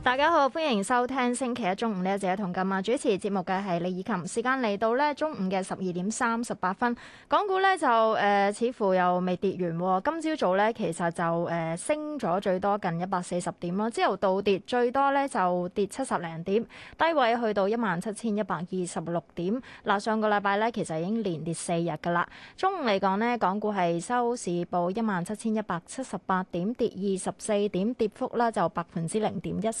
大家好，歡迎收聽星期一中午呢一節《同今》啊！主持節目嘅係李以琴。時間嚟到呢中午嘅十二點三十八分，港股呢就誒、呃、似乎又未跌完，哦。今朝早，早呢，其實就誒、呃、升咗最多近一百四十點咯，之後倒跌最多呢就跌七十零點，低位去到一萬七千一百二十六點。嗱、呃，上個禮拜呢，其實已經連跌四日噶啦。中午嚟講呢，港股係收市報一萬七千一百七十八點，跌二十四點，跌幅呢就百分之零點一。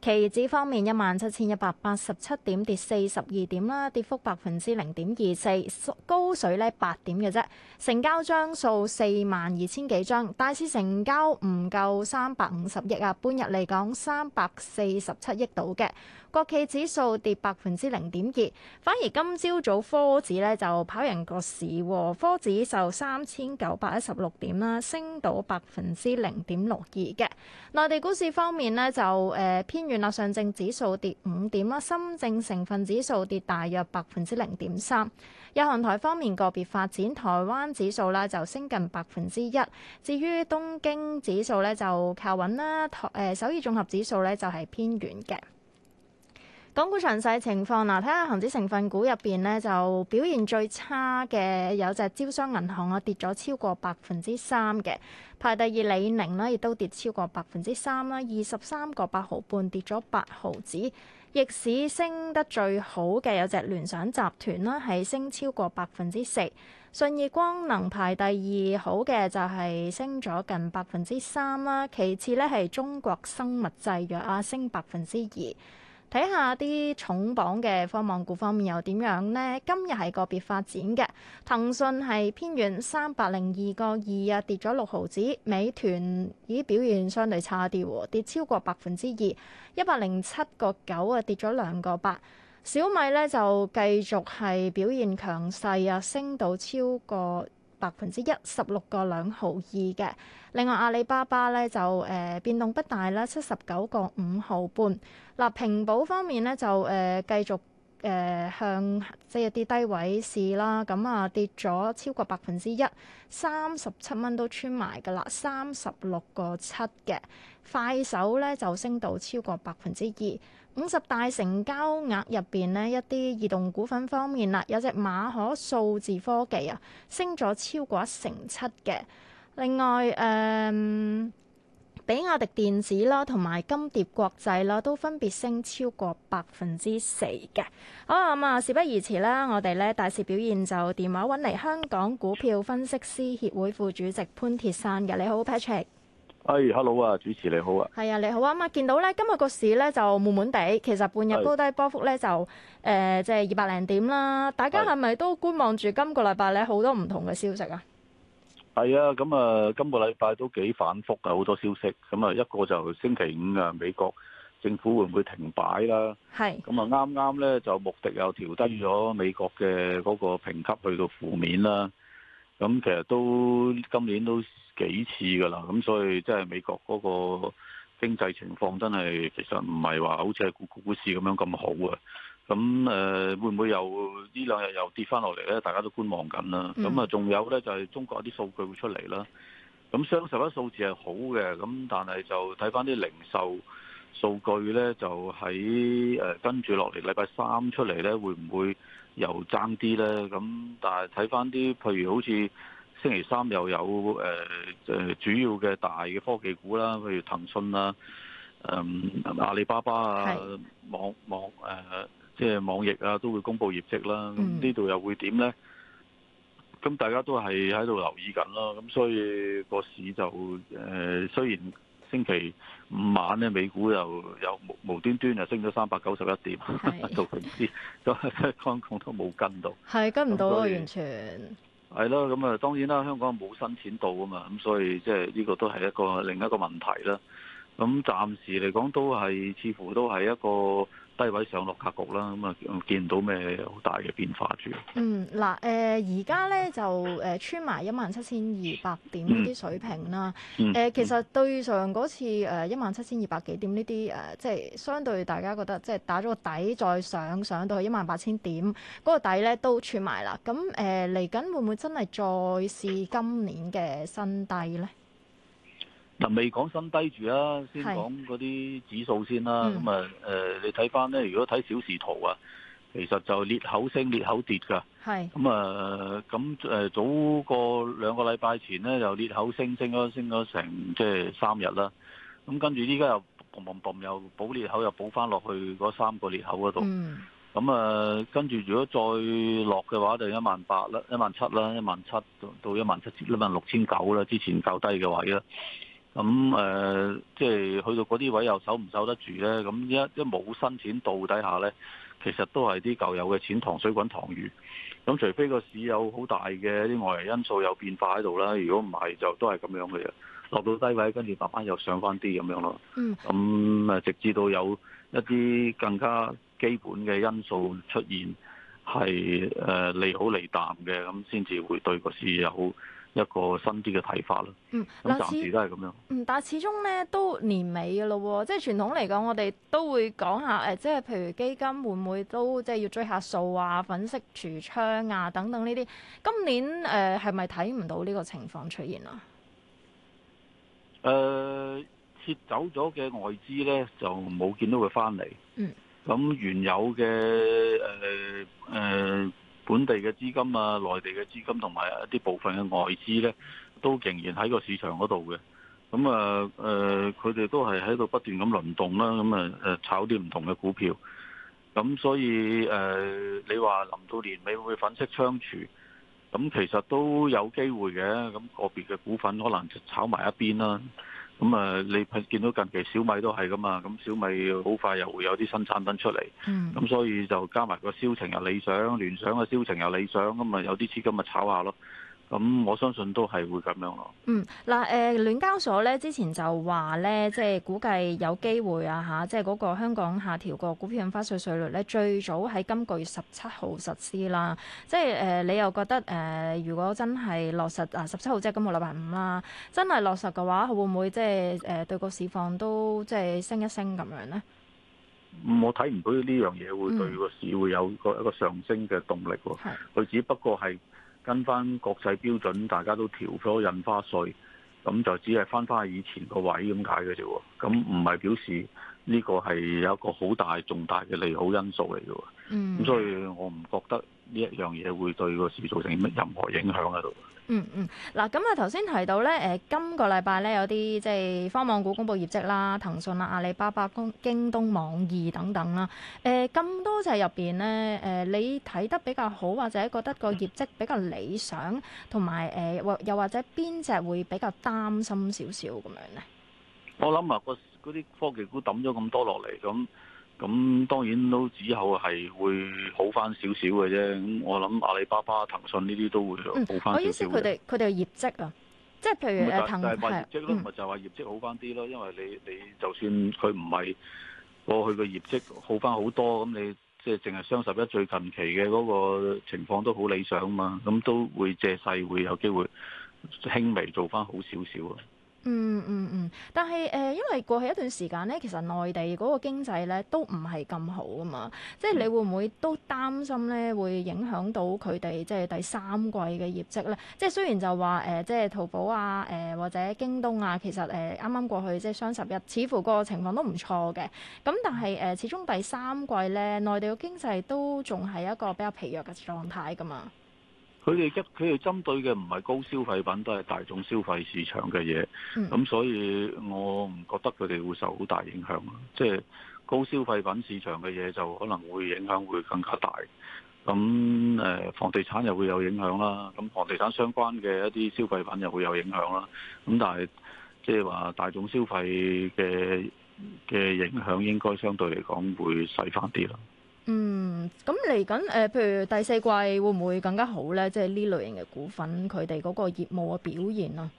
期指方面，一萬七千一百八十七點，跌四十二點啦，跌幅百分之零點二四，高水呢，八點嘅啫。成交張數四萬二千幾張，大市成交唔夠三百五十億啊，半日嚟講三百四十七億度嘅。國企指數跌百分之零點二，反而今朝早，早科指呢就跑贏個市，哦、科指就三千九百一十六點啦，升到百分之零點六二嘅。內地股市方面呢，就誒偏。呃原來上證指數跌五點啦，深證成分指數跌大約百分之零點三。日韓台方面個別發展，台灣指數啦就升近百分之一，至於東京指數咧就靠穩啦，誒、呃，首爾綜合指數咧就係偏軟嘅。港股詳細情況嗱，睇下恒指成分股入邊呢，就表現最差嘅有隻招商銀行啊，跌咗超過百分之三嘅。排第二李寧呢亦都跌超過百分之三啦，二十三個八毫半跌咗八毫子。逆市升得最好嘅有隻聯想集團啦，係升超過百分之四。信義光能排第二好嘅就係升咗近百分之三啦，其次呢，係中國生物製藥啊，升百分之二。睇下啲重磅嘅科網股方面又點樣呢？今日係個別發展嘅，騰訊係偏遠三百零二個二啊，跌咗六毫子；美團咦表現相對差啲喎，跌超過百分之二，一百零七個九啊，跌咗兩個八。小米咧就繼續係表現強勢啊，升到超過。百分之一十六個兩毫二嘅，另外阿里巴巴咧就誒、呃、變動不大啦，七十九個五毫半。嗱、啊，平保方面咧就誒、呃、繼續誒、呃、向即係跌低位試啦，咁啊跌咗超過百分之一，三十七蚊都穿埋㗎喇，三十六個七嘅。快手咧就升到超過百分之二。五十大成交額入邊咧，一啲移動股份方面啦，有隻馬可數字科技啊，升咗超過一成七嘅。另外，誒、嗯，比亞迪電子啦，同埋金蝶國際啦，都分別升超過百分之四嘅。好啊，咁、嗯、啊，事不宜遲啦，我哋咧大市表現就電話揾嚟香港股票分析師協會副主席潘鐵珊嘅，你好，Patrick。哎，hello 啊，主持你好啊，係啊，你好啊，咁啊，見到咧，今日個市咧就悶悶地，其實半日高低波幅咧就誒，即係二百零點啦。大家係咪都觀望住今個禮拜咧好多唔同嘅消息啊？係啊，咁啊，今個禮拜都幾反覆啊，好多消息。咁啊，一個就星期五啊，美國政府會唔會停擺啦？係。咁啊，啱啱咧就穆迪又調低咗美國嘅嗰個評級去到負面啦。咁其實都今年都幾次㗎啦，咁所以即係美國嗰個經濟情況真係其實唔係話好似係股股市咁樣咁好啊，咁誒、呃、會唔會又呢兩日又跌翻落嚟咧？大家都觀望緊啦。咁啊，仲有咧就係、是、中國啲數據會出嚟啦。咁雙十一數字係好嘅，咁但係就睇翻啲零售數據咧，就喺誒跟住落嚟禮拜三出嚟咧，會唔會？又爭啲咧，咁但係睇返啲，譬如好似星期三又有誒誒、呃、主要嘅大嘅科技股啦，譬如騰訊啊，嗯、呃，阿里巴巴啊的，網網誒即係網易啊，都會公布業績啦。咁呢度又會點咧？咁、嗯、大家都係喺度留意緊咯。咁所以個市就誒、呃、雖然。星期五晚咧，美股又又無無端端啊升咗三百九十一點，做停市，咁香港都冇知 跟到，係跟唔到啊，完全係咯，咁啊當然啦，香港冇新錢到啊嘛，咁所以即係呢、這個都係一個另一個問題啦。咁暫時嚟講都係，似乎都係一個。低位上落格局啦，咁啊見唔到咩好大嘅變化住。嗯呃嗯，嗱呃，誒而家咧就，誒穿埋一萬七千二百點呢啲水平啦。誒其實對上嗰次誒一萬七千二百幾點呢啲誒，即係相對大家覺得即係打咗個底再上，上到去一萬八千點嗰個底咧都穿埋啦。咁誒嚟緊會唔會真係再試今年嘅新低咧？嗱未講新低住啦，先講嗰啲指數先啦。咁啊，誒你睇翻咧，如果睇小時圖啊，其實就裂口升裂口跌噶。係。咁啊，咁誒早過兩個禮拜前咧，就裂口升升咗升咗成即係三日啦。咁跟住依家又 boom boom boom 又補裂口又補翻落去嗰三個裂口嗰度。咁啊，跟住如果再落嘅話，就一萬八啦，一萬七啦，一萬七到一萬七一萬六千九啦，之前較低嘅位啦。咁誒、嗯呃，即係去到嗰啲位又守唔守得住咧？咁一一冇新錢到底下咧，其實都係啲舊有嘅錢糖水滾湯丸。咁除非個市有好大嘅啲外圍因素有變化喺度啦，如果唔係就都係咁樣嘅啫。落到低位，跟住慢慢又上翻啲咁樣咯。咁誒，直至到有一啲更加基本嘅因素出現，係誒、呃、利好利淡嘅，咁先至會對個市有好一個新啲嘅睇法咯。嗯，咁暫時都係咁樣。嗯，但係始終咧都年尾嘅咯，即係傳統嚟講，我哋都會講下誒，即係譬如基金會唔會都即係要追下數啊、粉飾櫥窗啊等等呢啲。今年誒係咪睇唔到呢個情況出現啊？誒、呃，撤走咗嘅外資咧，就冇見到佢翻嚟。嗯。咁原有嘅誒，呃地嘅資金啊，內地嘅資金同埋一啲部分嘅外資呢，都仍然喺個市場嗰度嘅。咁啊，誒、呃，佢哋都係喺度不斷咁輪動啦。咁啊，誒，炒啲唔同嘅股票。咁所以誒、呃，你話臨到年尾會粉飾櫥窗，咁其實都有機會嘅。咁、那個別嘅股份可能就炒埋一邊啦。咁啊，你見到近期小米都係噶嘛，咁小米好快又會有啲新產品出嚟，咁、mm. 所以就加埋個銷情又理想，聯想嘅銷情又理想，咁啊，有啲資金咪炒下咯。咁我相信都係會咁樣咯。嗯，嗱，誒、呃，聯交所咧之前就話咧，即係估計有機會啊，吓，即係嗰個香港下調個股票印花稅稅率咧，最早喺今個月十七號實施啦。即係誒、呃，你又覺得誒、呃，如果真係落實啊，十七號即係今個禮拜五啦，真係落實嘅話，會唔會即係誒、呃，對個市況都即係升一升咁樣咧、嗯？我睇唔到呢樣嘢會對個市、嗯、會有個一個上升嘅動力。係佢、嗯、只不過係。跟翻國際標準，大家都調咗印花稅，咁就只係翻翻以前個位咁解嘅啫喎，咁唔係表示呢個係有一個好大重大嘅利好因素嚟嘅喎，咁所以我唔覺得。呢一樣嘢會對個市造成乜任何影響喺度？嗯嗯，嗱，咁啊頭先提到咧，誒、呃、今個禮拜咧有啲即係方網股公布業績啦，騰訊啦、阿里巴巴、京、京東、網易等等啦。誒、呃、咁多隻入邊咧，誒、呃、你睇得比較好，或者覺得個業績比較理想，同埋誒或又或者邊隻會比較擔心少少咁樣咧？我諗啊，個嗰啲科技股抌咗咁多落嚟咁。咁當然都之後係會好翻少少嘅啫。咁我諗阿里巴巴、騰訊呢啲都會好翻少少嘅。我意思佢哋佢哋嘅業績啊，即係譬如誒騰訊嘅業績咯、啊，咪、嗯、就係業績好翻啲咯。因為你你就算佢唔係過去嘅業績好翻好多，咁你即係淨係雙十一最近期嘅嗰個情況都好理想嘛，咁都會借勢會有機會輕微做翻好少少啊。嗯嗯嗯，但係，誒、呃，因為過去一段時間咧，其實內地嗰個經濟咧都唔係咁好啊嘛，即係你會唔會都擔心咧會影響到佢哋即係第三季嘅業績咧？即係雖然就話誒、呃、即係淘寶啊誒、呃、或者京東啊，其實誒啱啱過去即係雙十一，似乎個情況都唔錯嘅，咁但係誒、呃、始終第三季咧內地嘅經濟都仲係一個比較疲弱嘅狀態噶嘛。佢哋一佢哋針對嘅唔係高消費品，都係大眾消費市場嘅嘢，咁所以我唔覺得佢哋會受好大影響啊！即係高消費品市場嘅嘢就可能會影響會更加大。咁誒，房地產又會有影響啦。咁房地產相關嘅一啲消費品又會有影響啦。咁但係即係話大眾消費嘅嘅影響應該相對嚟講會細翻啲啦。嗯，咁嚟緊誒，譬如第四季會唔會更加好咧？即係呢類型嘅股份，佢哋嗰個業務嘅表現啊，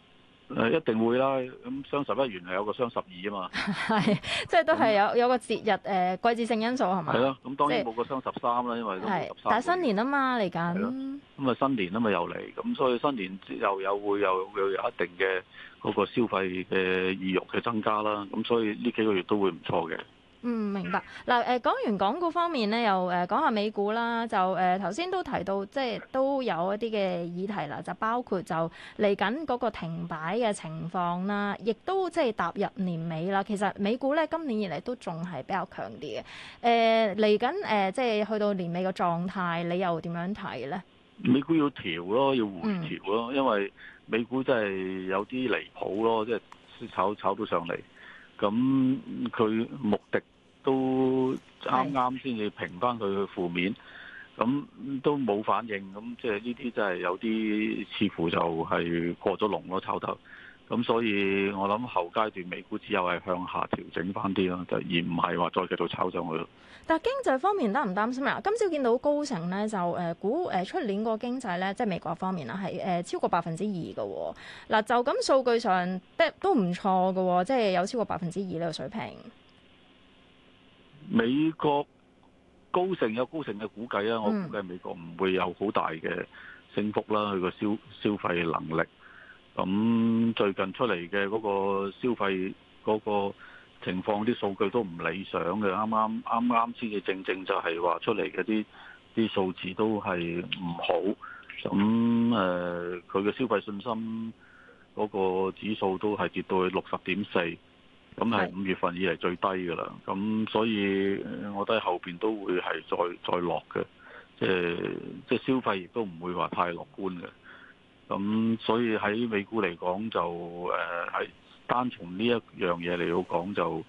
誒，一定會啦。咁雙十一原來有個雙十二啊嘛。係， 即係都係有那有個節日誒、呃，季節性因素係咪？係咯，咁、啊、當然冇個雙十三啦，因為都係。但係新年啊嘛嚟緊。咁啊新年啊嘛又嚟，咁所以新年又有會有會有，有一定嘅嗰個消費嘅意欲嘅增加啦。咁所以呢幾個月都會唔錯嘅。嗯，明白。嗱、啊，誒，講完港股方面咧，又誒講、啊、下美股啦。就誒、頭、啊、先都提到，即係都有一啲嘅議題啦，就包括就嚟緊嗰個停擺嘅情況啦，亦都即係踏入年尾啦。其實美股咧今年以嚟都仲係比較強啲嘅。誒、啊，嚟緊誒，即係去到年尾嘅狀態，你又點樣睇咧？美股要調咯，要回調咯，嗯、因為美股真係有啲離譜咯，即係炒炒到上嚟。咁佢目的都啱啱先至評翻佢嘅負面，咁都冇反應，咁即係呢啲真係有啲似乎就係過咗龍咯，炒頭。咁、嗯、所以，我諗後階段美股之後係向下調整翻啲咯，就而唔係話再繼續炒上去咯。但係經濟方面擔唔擔心啊？今朝見到高盛咧就誒估誒出年個經濟咧，即係美國方面啦，係誒、呃、超過百分之二嘅。嗱、哦呃，就咁數據上都都唔錯嘅，即、就、係、是、有超過百分之二呢個水平。美國高盛有高盛嘅估計啊，我估計美國唔會有好大嘅升幅啦，佢個消消費能力。咁最近出嚟嘅嗰個消費嗰個情況啲數據都唔理想嘅，啱啱啱啱先至正正就係話出嚟嘅啲啲數字都係唔好，咁誒的，佢嘅、嗯呃、消費信心嗰個指數都係跌到去六十點四，咁係五月份以嚟最低㗎啦。咁的所以我覺得後邊都會係再再落嘅，即係即係消費亦都唔會話太樂觀嘅。咁、嗯、所以喺美股嚟講，就誒係、呃、單從呢一樣嘢嚟到講，就誒、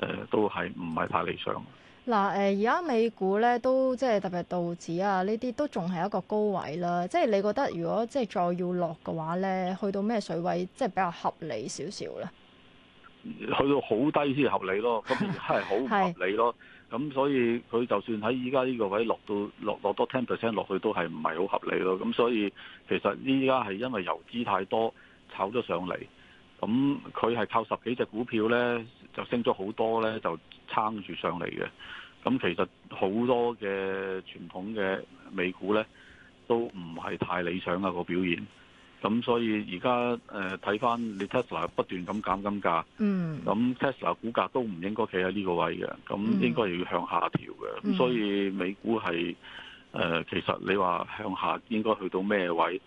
呃、都係唔係太理想。嗱誒，而家美股咧都即係特別道指啊，呢啲都仲係一個高位啦。即係你覺得如果即係再要落嘅話咧，去到咩水位即係比較合理少少咧？去到好低先合理咯，咁係好合理咯。 咁所以佢就算喺依家呢個位落到落落多 ten percent 落去都係唔係好合理咯。咁所以其實依家係因為遊資太多炒咗上嚟，咁佢係靠十幾隻股票咧就升咗好多咧就撐住上嚟嘅。咁其實好多嘅傳統嘅美股咧都唔係太理想啊個表現。咁所以而家誒睇翻你 Tesla 不斷咁減金價，咁、mm. Tesla 股價都唔應該企喺呢個位嘅，咁應該要向下調嘅。咁、mm. 所以美股係誒、呃、其實你話向下應該去到咩位？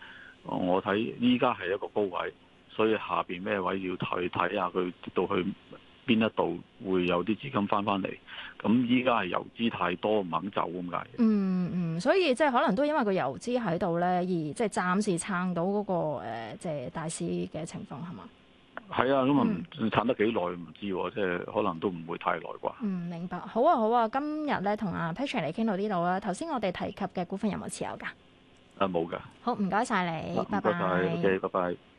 我睇依家係一個高位，所以下邊咩位要去睇下佢跌到去。邊一度會有啲資金翻翻嚟？咁依家係遊資太多唔肯走咁解。嗯嗯，所以即係可能都因為個遊資喺度咧，而即係暫時撐到嗰、嗰個、呃、即係大市嘅情況係嘛？係啊，咁啊撐得幾耐唔知喎，即係、嗯、可能都唔會太耐啩。嗯，明白。好啊，好啊，今日咧同阿 Patrick 嚟傾到呢度啦。頭先我哋提及嘅股份有冇持有㗎？啊，冇㗎。好，唔該晒你，唔該晒拜拜。唔該晒、okay, 拜拜。